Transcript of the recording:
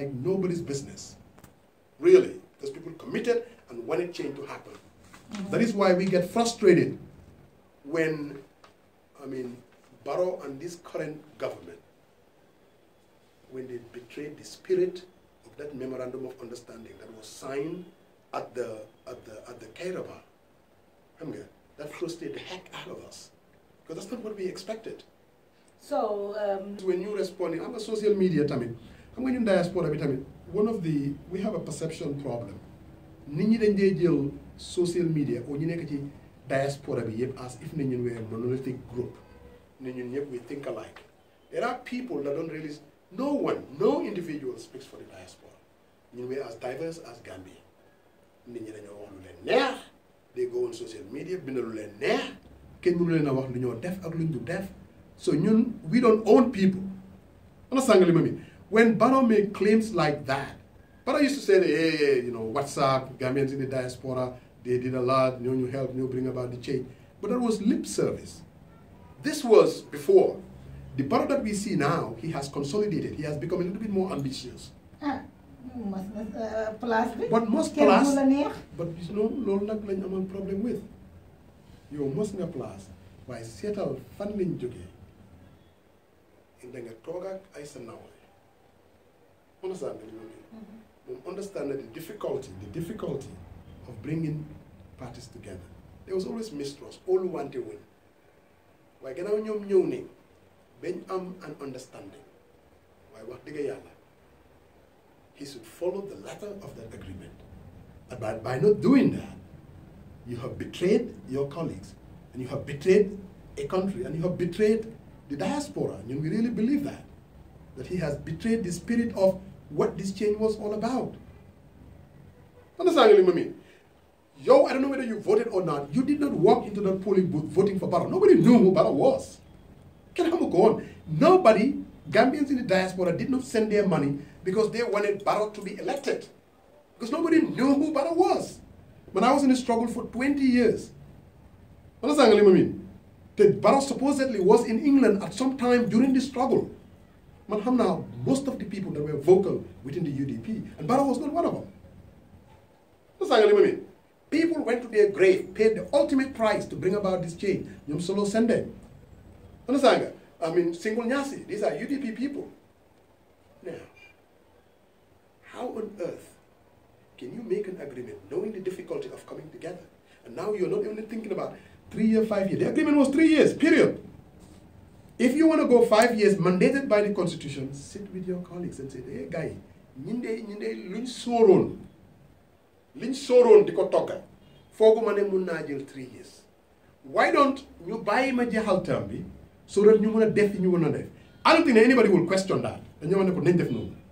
like nobody's business. Really, because people committed and wanted change to happen. Mm -hmm. That is why we get frustrated when, I mean, Barrow and this current government, when they betrayed the spirit of that memorandum of understanding that was signed at the at the at the Kairaba, Hamga, that frustrated the heck out of us because that's not what we expected. So um, when you responding, I'm a social media, mean xam nga ñun diaspora bi tamit one of the we have a perception problem nit ñi dañ dee jël social media oo ñu nekk ci diaspora bi yëpp as if ne ñun we monolithic group ne ñun ñëpp we think alike there are people that don't realise. no one no individual speaks for the diaspora ñun we as diverse as Gambia nit ñi dañoo wax lu leen neex they go on social media bind lu leen neex kenn mënu leen a wax lu ñoo def ak du def so ñun we don't own people understand nga ma mi when Barrow made claims like that, Barrow used to say, hey, hey you know, what's up, Gambians in the diaspora, they did a lot, you new know, help, you bring about the change. But that was lip service. This was before. The Barrow that we see now, he has consolidated. He has become a little bit more ambitious. Ah. Uh, but most plus, but you know, loolu nag lañ amoon problème with yow mos nga place waaye seetal fan lañ jógee indi nga toog ak ay sa nawle Understand what mean? Understand that the difficulty, the difficulty of bringing parties together, there was always mistrust, all want to win. waaye gannaaw your ñëw nañ bañ am an understanding Why wax dëgg he should follow the letter of that agreement But by, by not doing that you have betrayed your colleagues and you have betrayed a country and you have betrayed the diaspora and we really believe that that he has betrayed the spirit of what this change was all about. Understand what I mean? Yo, I don't know whether you voted or not. You did not walk into that polling booth voting for Barrow. Nobody knew who Barrow was. Can I go on? Nobody, Gambians in the diaspora, did not send their money because they wanted Barrow to be elected. Because nobody knew who Barrow was. When I was in the struggle for 20 years, understand what I mean? That Barrow supposedly was in England at some time during the struggle. Man most of the people that were vocal within the UDP, and Barrow was not one of them. People went to their grave, paid the ultimate price to bring about this change. Nyum Solo Sende. Understand? I mean, Single Nyasi, these are UDP people. Now, how on earth can you make an agreement knowing the difficulty of coming together? And now you're not even thinking about three year, five year. The agreement was three years, period. If you want to go five years mandated by the constitution, sit with your colleagues and say, hey guy, ñun de ñun de luñ sóoroon liñ sóoroon di three years why don't you buy my jeexal term Be so that you mën a def yi you mën a def I don't think anybody will question that And you want to nañ def noonu